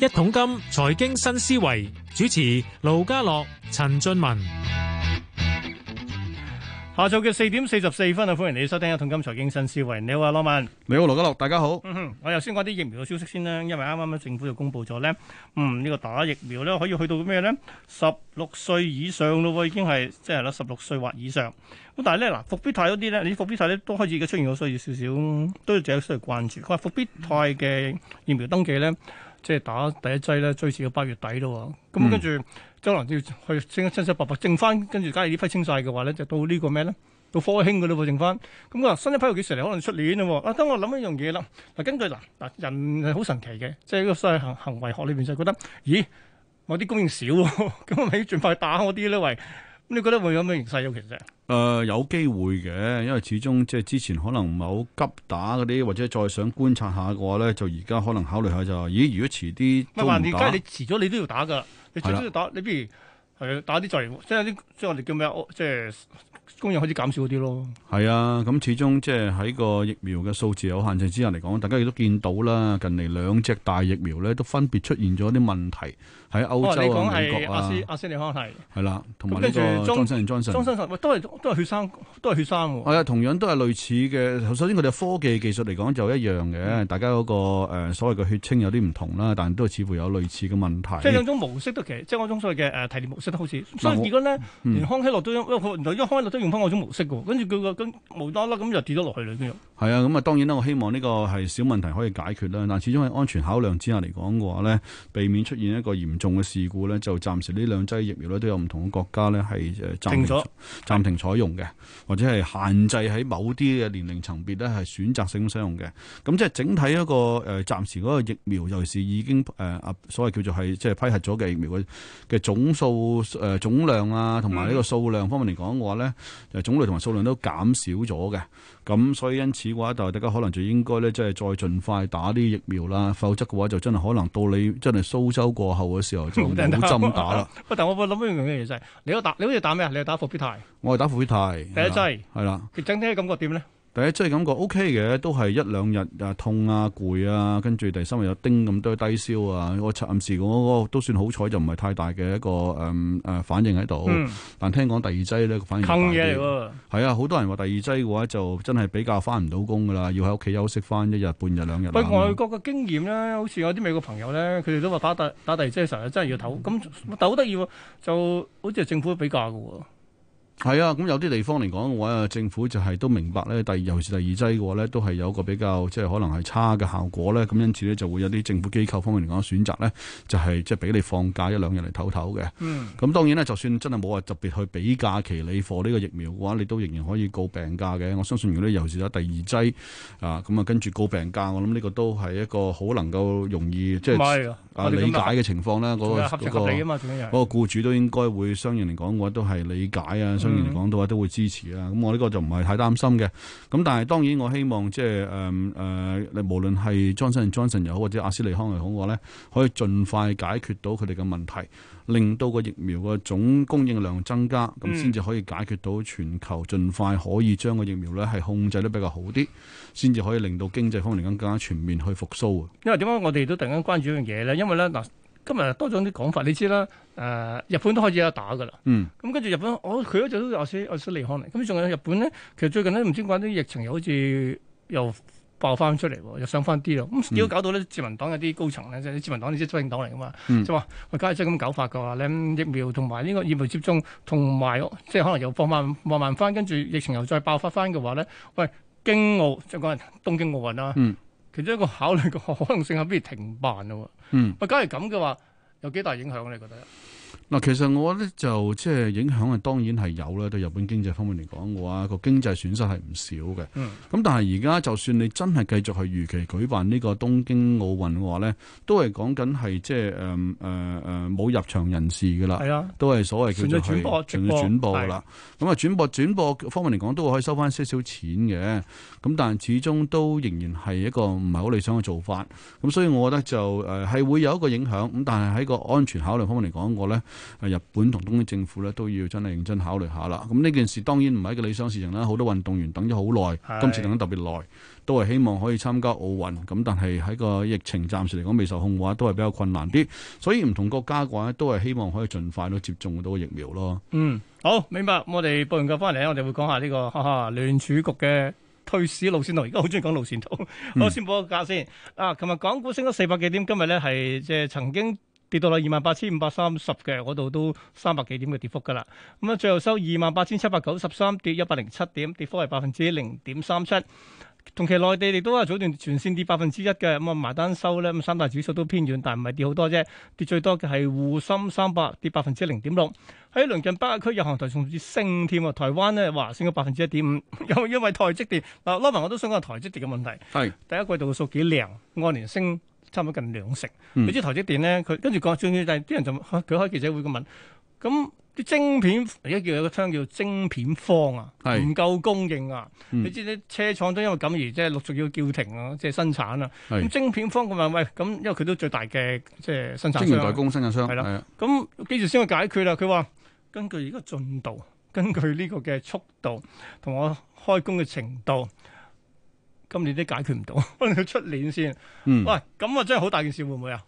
一桶金財經新思維，主持盧家樂、陳俊文。下晝嘅四點四十四分啊，歡迎你收聽一同《一通金財經新思維》，你好啊，羅文。你好，羅家樂，大家好。嗯哼，我又先講啲疫苗嘅消息先啦，因為啱啱政府就公布咗咧，嗯，呢個打疫苗咧可以去到咩咧？十六歲以上咯，已經係即係啦，十、就、六、是、歲或以上。咁但係咧嗱，伏必泰嗰啲咧，你伏必泰咧都開始出現咗需要少少，都要借需要關注。佢話伏必泰嘅疫苗登記咧。即係打第一劑咧，最遲到八月底咯咁、哦、跟住，周蘭、嗯、要去清清清白白剩翻，跟住假如呢批清晒嘅話咧，就到個呢個咩咧？到科興嘅咯、哦、剩翻。咁、嗯、佢新一批又幾時嚟？可能出年咯喎、哦。啊，當我諗一樣嘢啦。嗱，根據嗱嗱人係好神奇嘅，即係個細行行，行為學裏邊就覺得，咦，我啲供應少，咁我咪要盡快打我啲咧，喂。你覺得會有咩形勢？有，其實誒，有機會嘅，因為始終即係之前可能唔係好急打嗰啲，或者再想觀察下嘅話咧，就而家可能考慮下就，咦？如果遲啲唔係話你而家你遲咗你都要打噶，你最緊要打，是的 你不如係、嗯、打啲債券，即係啲即係我哋叫咩，即係。即我工人開始減少嗰啲咯，係啊！咁始終即係喺個疫苗嘅數字有限制之下嚟講，大家亦都見到啦。近嚟兩隻大疫苗咧都分別出現咗啲問題喺歐洲啊、美國啊。阿斯阿斯利康係，係啦，同埋呢個。跟住，莊生同莊生，莊生實都係都係血栓，都係血栓。係啊，同樣都係類似嘅。首先，佢哋科技技術嚟講就一樣嘅，大家嗰、嗰個、呃、所謂嘅血清有啲唔同啦，但係都似乎有類似嘅問題。即係兩種模式都其實，即係我講所謂嘅誒提煉模式都好似。所以而、嗯、果呢，連康希諾都因都用翻我種模式嘅，跟住佢個跟無啦啦咁就跌咗落去啦，咁樣。係啊，咁啊，當然啦，我希望呢個係小問題可以解決啦。但始終喺安全考量之下嚟講嘅話咧，避免出現一個嚴重嘅事故咧，就暫時呢兩劑疫苗咧都有唔同嘅國家咧係誒暫停楚暫停採用嘅，或者係限制喺某啲嘅年齡層別咧係選擇性使用嘅。咁即係整體一個誒暫時嗰個疫苗，尤其是已經誒啊、呃、所謂叫做係即係批核咗嘅疫苗嘅嘅總數誒、呃、總量啊，同埋呢個數量方面嚟講嘅話咧，誒、就是、種類同埋數量都減少咗嘅。咁所以因此。嘅話，但係大家可能就應該咧，即係再盡快打啲疫苗啦。否則嘅話，就真係可能到你真係蘇州過後嘅時候就冇針打啦。不，但係我會諗一樣嘅嘢就係，你個打你好似打咩啊？你係打伏必泰？我係打伏必泰。第一劑，係啦。佢整體嘅感覺點咧？第一劑感覺 OK 嘅，都係一兩日啊痛啊攰啊，跟住第三日有叮咁多低燒啊。我暫時我嗰都算好彩，就唔係太大嘅一個誒誒反應喺度。嗯嗯、但聽講第二劑咧，反應大啲。係啊，好多人話第二劑嘅話就真係比較翻唔到工噶啦，要喺屋企休息翻一日半日兩日、啊。喂，外國嘅經驗咧，好似有啲美國朋友咧，佢哋都話打第打第二劑成日真係要唞，咁唞好得意喎，就好似政府俾假嘅喎。係啊，咁有啲地方嚟講嘅話啊，政府就係都明白咧。第二尤其是第二劑嘅話咧，都係有個比較即係可能係差嘅效果咧。咁因此咧，就會有啲政府機構方面嚟講選擇咧，就係即係俾你放假一兩日嚟唞唞嘅。嗯。咁當然咧，就算真係冇話特別去俾假期理放呢個疫苗嘅話，你都仍然可以告病假嘅。我相信如果你尤是有第二劑啊，咁、嗯、啊跟住告病假，我諗呢個都係一個好能夠容易即係啊，啊理解嘅情況啦。嗰、那個嗰個僱主都應該會相應嚟講嘅話，都係理解啊。嗯當然講到話都會支持啊。咁我呢個就唔係太擔心嘅。咁但係當然，我希望即係誒誒，你、呃呃、無論係 Johnson & Johnson 又好，或者阿斯利康又好，我咧可以盡快解決到佢哋嘅問題，令到個疫苗嘅總供應量增加，咁先至可以解決到全球，盡快可以將個疫苗咧係控制得比較好啲，先至可以令到經濟方面更加全面去復甦啊。因為點解我哋都突然間關注一樣嘢咧？因為咧嗱。今日多咗啲講法，你知啦。誒、呃，日本都開始有得打噶啦。嗯。咁跟住日本，我、哦、佢一直都亞斯亞斯利康嚟。咁仲有日本咧，其實最近咧唔知點解啲疫情又好似又爆翻出嚟，又上翻啲咯。咁如果搞到咧自民黨有啲高層咧，即係自民黨，你即係執政黨嚟噶嘛，就、嗯、話喂，假如真係咁搞法嘅話咧，疫苗同埋呢個疫苗接種同埋即係可能又放慢放慢，慢，慢翻，跟住疫情又再爆發翻嘅話咧，喂，京奧，即係講東京奧運啦。嗯。其中一個考慮嘅可能性係不如停辦咯。嗯，咁係咁嘅話，有幾大影響咧？你覺得？嗱，其實我覺得就即係影響係當然係有啦。對日本經濟方面嚟講，嘅話個經濟損失係唔少嘅。咁、嗯、但係而家就算你真係繼續去如期舉辦呢個東京奧運嘅話咧，都係講緊係即係誒誒誒冇入場人士嘅啦。係啊的。都係所謂叫做。全數轉播，直播，的播。轉播啦。咁啊，轉播轉播方面嚟講，都會可以收翻些少錢嘅。咁但係始終都仍然係一個唔係好理想嘅做法。咁所以，我覺得就誒係、呃、會有一個影響。咁但係喺個安全考慮方面嚟講，我咧。誒，日本同東京政府咧都要真係認真考慮下啦。咁、嗯、呢件事當然唔係一個理想事情啦。好多運動員等咗好耐，是今次等得特別耐，都係希望可以參加奧運。咁但係喺個疫情暫時嚟講未受控嘅話，都係比較困難啲。所以唔同國家嘅話，都係希望可以盡快都接種到疫苗咯。嗯，好，明白。我哋報完價翻嚟我哋會講下呢、這個哈哈聯儲局嘅退市路線圖。而家好中意講路線圖， 嗯、我先報個價先。啊，琴日港股升咗四百幾點，今日呢係即係曾經。跌到啦二萬八千五百三十嘅嗰度都三百幾點嘅跌幅㗎啦，咁啊最後收二萬八千七百九十三，跌一百零七點，跌幅係百分之零點三七。同期內地亦都係早段全線跌百分之一嘅，咁啊埋單收咧，咁三大指數都偏軟，但唔係跌好多啫。跌最多嘅係滬深三百，跌百分之零點六。喺鄰近北亞區日航台甚至升添啊！台灣咧華升咗百分之一點五，又 因為台積電嗱，老闆我都想講台積電嘅問題。係是第一季度嘅數幾靚，按年升。差唔多近兩成，你、嗯、知台積電咧，佢跟住講，最重要就係啲人就佢開記者會咁問，咁、嗯、啲晶片而家叫有個聽叫做晶片方啊，唔是夠供應啊，嗯、你知啲車廠都因為咁而即係陸續要叫停啊，即係生產啊。咁是晶片方咁問喂，咁因為佢都最大嘅即係生產、啊、代工生產商，係啦、啊，咁幾時先可以解決啦？佢話根據呢個進度，根據呢個嘅速度同我開工嘅程度。今年都解決唔到，可能要出年先。嗯，喂，咁啊真係好大件事，會唔會啊？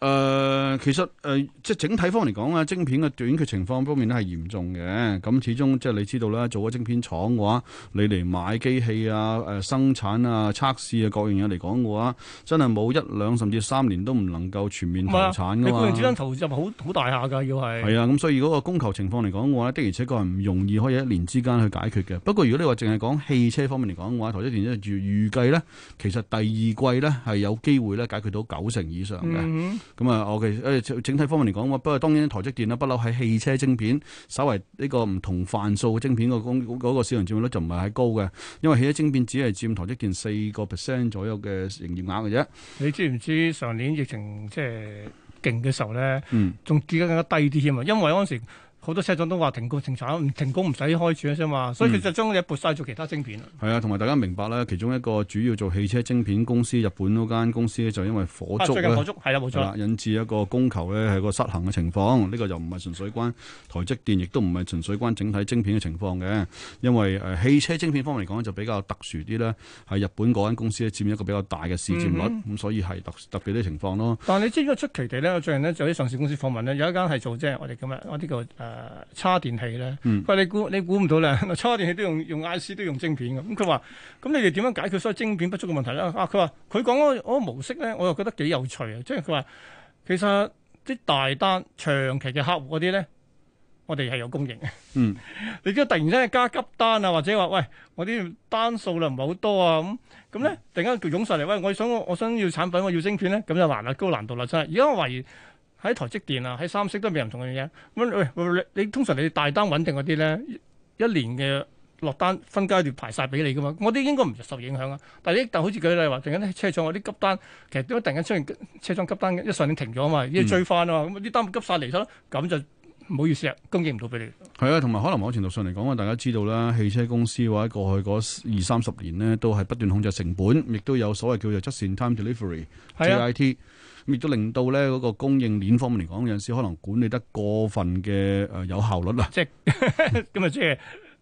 誒、呃，其實誒，即、呃、係整體方嚟講啊，晶片嘅短缺情況方面咧係嚴重嘅。咁始終即係你知道啦，做咗晶片廠嘅話，你嚟買機器啊、誒、呃、生產啊、測試啊各樣嘢嚟講嘅話，真係冇一兩甚至三年都唔能夠全面投產噶嘛，啊。你嗰個資金投入好好大下噶，要係係啊。咁，嗯、所以嗰個供求情況嚟講嘅話，的而且確係唔容易可以一年之間去解決嘅。不過如果你話淨係講汽車方面嚟講嘅話，台積電咧預預計咧，其實第二季咧係有機會咧解決到九成以上嘅。嗯咁啊，我其誒整體方面嚟講啊，不過當然台積電啦，不嬲喺汽車晶片，稍為呢個唔同範數嘅晶片、嗰個公個市場佔率就唔係太高嘅，因為汽車晶片只係佔台積電四個 percent 左右嘅營業額嘅啫。你知唔知上年疫情即係勁嘅時候咧？嗯，仲跌得更加低啲添啊，因為嗰時。好多車廠都話停工停產，停工唔使開廠啫嘛，所以佢就將嘢撥晒做其他晶片。係、嗯、啊，同埋大家明白啦，其中一個主要做汽車晶片公司，日本嗰間公司就因為火燭咧，係啊，冇、啊、錯、啊、引致一個供求咧係個失衡嘅情況。呢、這個又唔係純粹關台積電，亦都唔係純粹關整體晶片嘅情況嘅。因為誒、呃、汽車晶片方面嚟講就比較特殊啲啦。係日本嗰間公司咧佔一個比較大嘅市佔率，咁、嗯、所以係特特別啲情況咯。但係你知唔知出奇地咧？最近咧，有啲上市公司訪問呢，有一間係做即係我哋今日我呢個。誒、呃，叉電器咧，佢話、嗯、你估你估唔到啦，叉電器都用用 IC 都用晶片嘅，咁佢話，咁、嗯、你哋點樣解決所有晶片不足嘅問題咧？啊，佢話佢講嗰嗰個模式咧，我又覺得幾有趣啊，即係佢話，其實啲大單長期嘅客戶嗰啲咧，我哋係有供應嘅，嗯， 你知突然之間加急單啊，或者話喂，我啲單數量唔係好多啊，咁咁咧，突然間叫湧上嚟，喂，我想我想要產品，我要晶片咧，咁就難啦，高難度啦真係，而家我懷疑。喺台積電啊，喺三星都冇唔同嘅嘢。咁喂，你通常你大單穩定嗰啲咧，一年嘅落單分階段排晒俾你噶嘛？我啲應該唔受影響啊。但係呢，但好似舉例話，突然間車廠有啲急單，其實都突然間出現車廠急單一上年停咗啊嘛，要追翻啊嘛，咁啲單急晒嚟咗，咁就。唔好意思啊，供應唔到俾你。係啊，同埋可能某程度上嚟講啊，大家知道啦，汽車公司嘅話，過去嗰二三十年呢，都係不斷控制成本，亦都有所謂叫做 just in time delivery，JIT，的亦都令到咧嗰個供應鏈方面嚟講，有陣時可能管理得過分嘅誒有效率啦。即係咁啊，即係。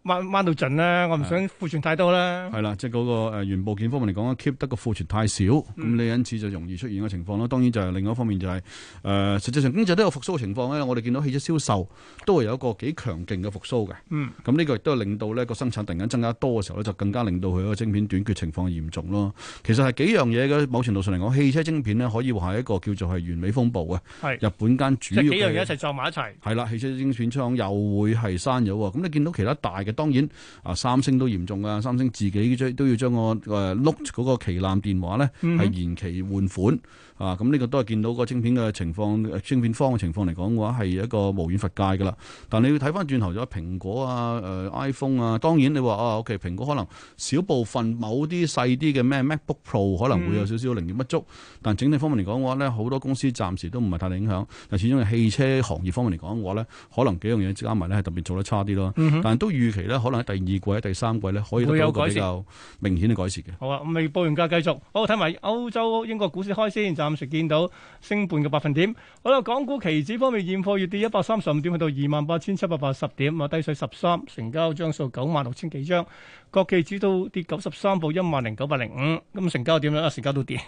掹到盡啦！我唔想庫存太多啦。係啦，即係嗰、那個、呃、原部件方面嚟講 keep 得個庫存太少，咁你因此就容易出現嘅情況咯。當然就係另外一方面就係、是、誒、呃，實際上經濟都有復甦嘅情況咧。我哋見到汽車銷售都係有一個幾強勁嘅復甦嘅。嗯。咁呢個亦都係令到咧個生產突然間增加多嘅時候咧，就更加令到佢個晶片短缺情況嚴重咯。其實係幾樣嘢嘅，某程度上嚟講，汽車晶片咧可以話係一個叫做係完美風暴嘅。係是。日本間主要即係幾樣嘢一齊撞埋一齊。係啦，汽車晶片廠又會係閂咗喎。咁你見到其他大嘅。當然，啊三星都嚴重㗎。三星自己都要將、那個誒 note 嗰個旗艦電話咧，係延期換款。啊，咁、這、呢個都係見到個晶片嘅情況，晶片方嘅情況嚟講嘅話係一個無遠弗屆㗎喇。但你要睇返轉頭咗蘋果啊、誒、呃、iPhone 啊，當然你話啊，OK，蘋果可能少部分某啲細啲嘅咩 MacBook Pro 可能會有少少零件不足，嗯、但整體方面嚟講嘅話咧，好多公司暫時都唔係太大影響。但始終係汽車行業方面嚟講嘅話咧，可能幾樣嘢加埋咧係特別做得差啲咯。嗯、哼但都預期咧，可能喺第二季、喺第三季咧可以得到一個比較明顯嘅改善嘅。好啊，未報完價繼續，好睇埋歐洲英國股市開先。暫時見到升半個百分點。好啦，港股期指方面，現貨月跌一百三十五點，去到二萬八千七百八十點, 13, 96, 5，點，啊，低水十三，成交張數九萬六千幾張。國企指都跌九十三點，報一萬零九百零五。咁成交點樣？成交都跌。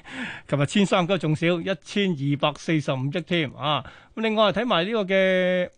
琴日千三唔夠，仲少一千二百四十五億添啊。咁另外睇埋呢個嘅。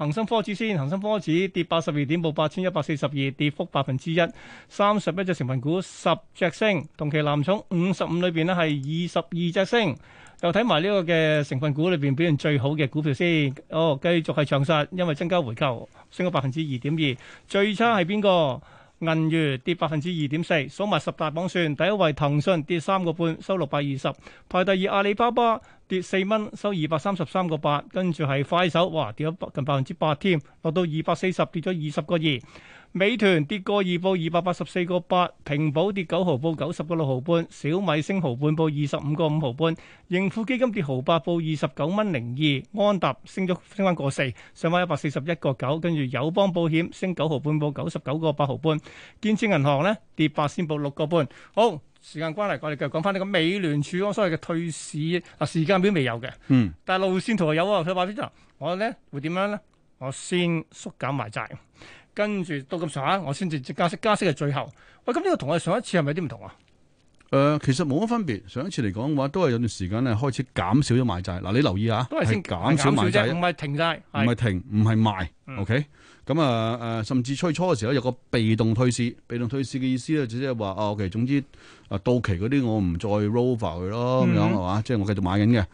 恒生科指先，恒生科指跌八十二點，報八千一百四十二，跌幅百分之一。三十一隻成分股，十隻升，同期南沖五十五裏邊呢係二十二隻升。又睇埋呢個嘅成分股裏邊表現最好嘅股票先。哦，繼續係長實，因為增加回購，升咗百分之二點二。最差係邊個？銀娛跌百分之二點四，數埋十大榜算，第一位騰訊跌三個半，收六百二十；排第二阿里巴巴跌四蚊，收二百三十三個八，跟住係快手，哇，跌咗近百分之八添，落到二百四十，跌咗二十個二。美團跌過二，報二百八十四個八，平保跌九毫報九十個六毫半，小米升毫半報二十五個五毫半，盈富基金跌毫八報二十九蚊零二，安踏升咗升翻個四，4, 上翻一百四十一個九，跟住友邦保險升九毫半報九十九個八毫半，建設銀行咧跌八仙報六個半。好，時間關係，我哋繼續講翻呢個美聯儲所謂嘅退市啊，時間表未有嘅，嗯，但係路線圖係有啊，佢話邊度？我咧會點樣咧？我先縮減埋債。跟住到咁上下，我先至加息，加息係最後。喂，咁呢個同我哋上一次係咪有啲唔同啊？誒、呃，其實冇乜分別。上一次嚟講嘅話，都係有段時間咧開始減少咗買債。嗱、啊，你留意下，都係先減少買債，唔係停債，唔係停，唔係賣。O K，咁啊，誒、okay? 嗯嗯嗯，甚至最初嘅時候有個被動退市、被動退市嘅意思咧、啊 okay, 嗯哼，就即係哦，o K，總之，誒到期嗰啲我唔再 roll over 佢咯，咁樣係嘛，即係我繼續買緊嘅。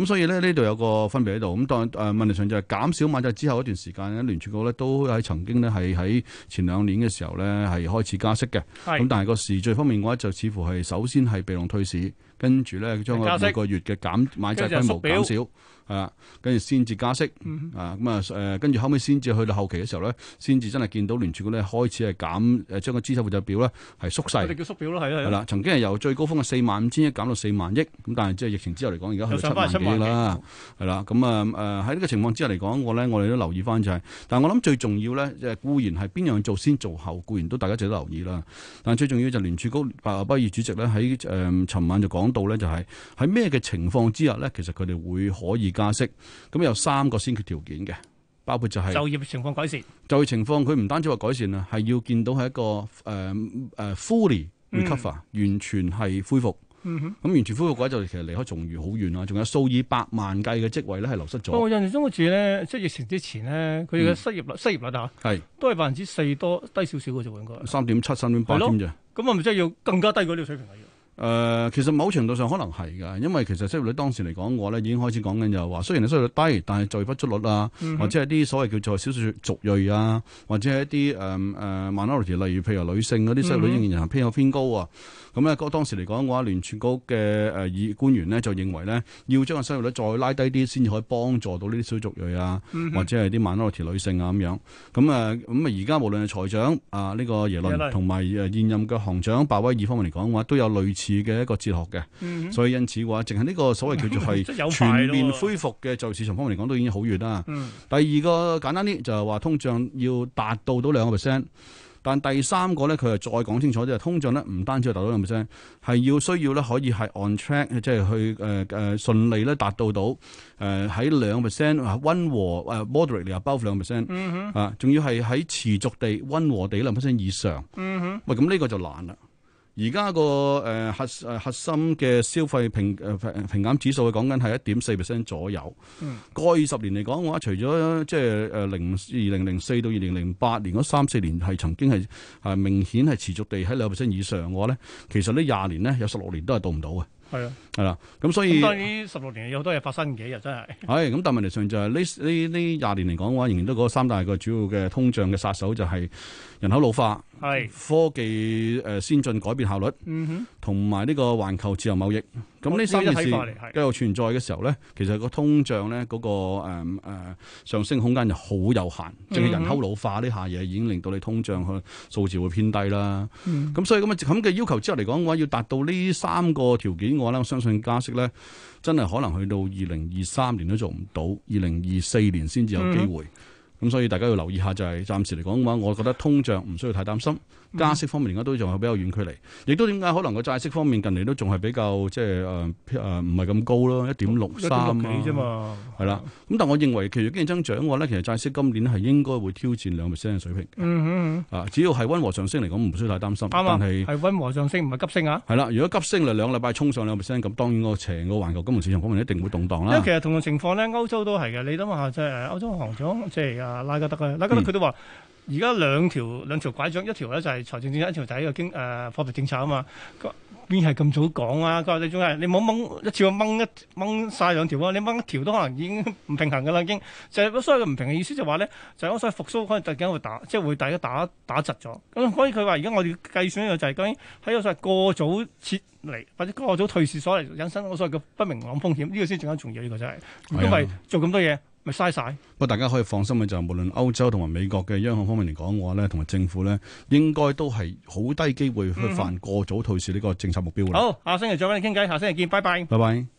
咁所以咧呢度有個分別喺度。咁、嗯、當然誒、呃、問題上就係減少買債之後一段時間咧，聯儲局咧都喺曾經咧係喺前兩年嘅時候咧係開始加息嘅。咁是但係個時序方面嘅話就似乎係首先係被動退市，跟住咧將個每個月嘅減買債規模減少。係啦，跟住先至加息，啊咁、嗯、哼啊，誒跟住後尾先至去到後期嘅時候咧，先至真係見到聯儲局咧開始係減誒將個資產負債表咧係縮細。我哋叫縮表咯，係啦。係啦，曾經係由最高峰嘅四萬五千億減到四萬億，咁但係即係疫情之後嚟講，而家去到七萬幾啦。係啦，咁啊誒喺呢個情況之下嚟講，我咧我哋都留意翻就係、是，但係我諗最重要咧，誒固然係邊樣做先做後，固然都大家值得留意啦。但係最重要就聯儲局鮑威爾主席咧喺誒尋晚就講到咧、就是，就係喺咩嘅情況之下咧，其實佢哋會可以。加息，咁有三個先決條件嘅，包括就係就業情況改善。就業情況佢唔單止話改善啊，係要見到係一個誒誒 fully recover，完全係恢復。咁完全恢復嘅話，就其實離開重圓好遠啊，仲有數以百萬計嘅職位咧係流失咗。我印象中好似咧，即係疫情之前咧，佢嘅失業率失業率啊，係都係百分之四多低少少嘅啫，應該三點七、三點八咁啫。咁啊，咪即係要更加低過呢個水平。誒、呃，其實某程度上可能係㗎，因為其實失業率當時嚟講嘅話咧，已經開始講緊就係話，雖然係失業率低，但係就業不足率啊，或者係啲所謂叫做少數族裔啊，或者係一啲誒誒 minority，例如譬如女性嗰啲失業率仍然偏有偏高啊。咁咧個當時嚟講嘅話，聯儲局嘅誒議官員咧就認為咧，要將個失業率再拉低啲，先至可以幫助到呢啲少數族裔啊，或者係啲 minority 女性啊咁樣。咁啊咁啊，而家無論係財長啊呢個耶倫同埋誒現任嘅行長鮑威爾方面嚟講嘅話，都有類似嘅一個哲學嘅，嗯、哼所以因此嘅話，淨係呢個所謂叫做係全面恢復嘅，就市場方面嚟講，都已經好遠啦。嗯、第二個簡單啲就係、是、話通脹要達到到兩個 percent，但第三個咧，佢又再講清楚即啲，通脹咧唔單止要達到兩個 percent，係要需要咧可以係 on track，即係去誒誒順利咧達到到誒喺兩 percent，溫和誒 moderate 又 above 兩 percent，嗯、哼啊，仲要係喺持續地溫和地兩 percent 以上。喂，咁呢個就難啦。而家個誒核誒核心嘅消費平誒平平減指數嘅講緊係一點四 percent 左右。嗯，過二十年嚟講，嘅話除咗即係誒零二零零四到二零零八年嗰三四年係曾經係係明顯係持續地喺兩 percent 以上嘅話咧，其實呢廿年咧有十六年都係到唔到嘅。係啊的，係啦，咁所以當然十六年有好多嘢發生嘅，又真係。係 咁，但問題上就係呢呢呢廿年嚟講嘅話，仍然都嗰三大個主要嘅通脹嘅殺手就係人口老化，係是科技誒先進改變效率，同埋呢個環球自由貿易，咁呢、嗯、三件事繼續存在嘅時候咧，是其實個通脹咧嗰個誒誒、嗯呃、上升空間就好有限。即係、嗯、哼人口老化呢下嘢已經令到你通脹去數字會偏低啦。咁、嗯、所以咁嘅要求之後嚟講嘅話，要達到呢三個條件嘅話咧，我相信加息咧真係可能去到二零二三年都做唔到，二零二四年先至有機會。嗯咁所以大家要留意下，就係暫時嚟講嘅話，我覺得通脹唔需要太擔心。加息方面而家都仲係比較遠距離，亦都點解可能個債息方面近嚟都仲係比較即係誒誒唔係咁高咯，一點六三幾啫嘛，係啦。咁但我認為，其實經濟增長嘅話咧，其實債息今年係應該會挑戰兩 percent 嘅水平。嗯嗯嗯。啊，只要係温和上升嚟講，唔需要太擔心。但係係温和上升，唔係急升啊。係啦，如果急升咧，兩個禮拜衝上兩 percent 咁，當然個成個環球金融市場方面一定會動盪啦。因為其實同樣情況咧，歐洲都係嘅。你諗下，即係歐洲行長即係阿拉加德啊，拉加德佢都話。而家兩條兩條拐杖，一條咧就係、是、財政政策，一條就係呢個經誒、呃、貨幣政策啊嘛。邊係咁早講啊？佢話你總係你冇掹一次過掹一掹曬兩條啊？你掹一條都可能已經唔平衡噶啦，已經就係、是、所謂嘅唔平衡意思就話咧，就係、是、我所謂復甦可能突然間會打，即係會大家打打窒咗。咁所以佢話而家我哋計算呢個就係究竟喺個所謂過早撤離或者過早退市所嚟引申我所謂嘅不明朗風險。呢、這個先最緊重要呢、這個就係、是，如果唔係做咁多嘢。嘥曬，不過大家可以放心嘅就係，無論歐洲同埋美國嘅央行方面嚟講嘅話咧，同埋政府咧，應該都係好低機會去犯過早退市呢個政策目標、嗯。好，下星期再揾你傾偈，下星期見，拜拜，拜拜。